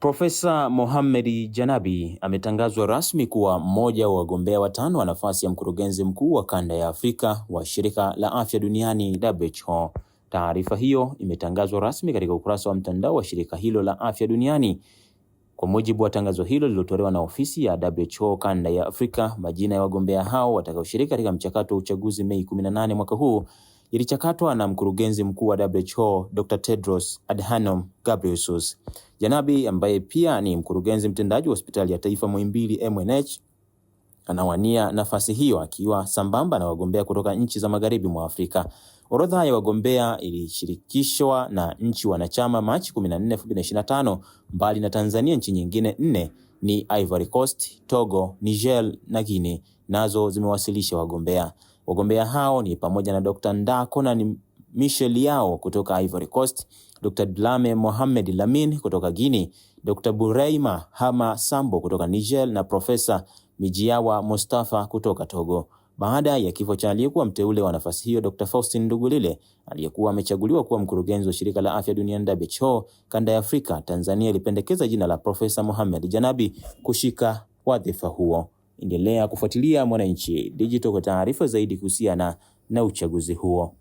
Profesa Mohamed Janabi ametangazwa rasmi kuwa mmoja wa wagombea watano wa nafasi ya mkurugenzi mkuu wa kanda ya Afrika wa Shirika la Afya Duniani WHO. Taarifa hiyo imetangazwa rasmi katika ukurasa wa mtandao wa shirika hilo la afya duniani. Kwa mujibu wa tangazo hilo lililotolewa na ofisi ya WHO kanda ya Afrika, majina ya wagombea hao watakaoshiriki katika mchakato wa uchaguzi Mei 18 mwaka huu ilichakatwa na mkurugenzi mkuu wa WHO Dr. Tedros Adhanom Ghebreyesus. Janabi ambaye pia ni mkurugenzi mtendaji wa hospitali ya taifa Muhimbili MNH anawania nafasi hiyo akiwa sambamba na wagombea kutoka nchi za magharibi mwa Afrika. Orodha ya wagombea ilishirikishwa na nchi wanachama Machi 14, 2025. Mbali na Tanzania, nchi nyingine nne ni Ivory Coast, Togo, Niger na Guinea nazo zimewasilisha wagombea. Wagombea hao ni pamoja na Dr. Ndako na ni Michel Yao kutoka Ivory Coast, Dr. Dlame Mohamed Lamin kutoka Guinea, Dr. Bureima Hama Sambo kutoka Niger na Profesa Mijiawa Mustafa kutoka Togo. Baada ya kifo cha aliyekuwa mteule wa nafasi hiyo Dr. Faustin Ndugulile aliyekuwa amechaguliwa kuwa mkurugenzi wa Shirika la Afya Duniani WHO kanda ya Afrika, Tanzania ilipendekeza jina la Profesa Mohamed Janabi kushika wadhifa huo. Endelea kufuatilia Mwananchi Digital kwa taarifa zaidi kuhusiana na uchaguzi huo.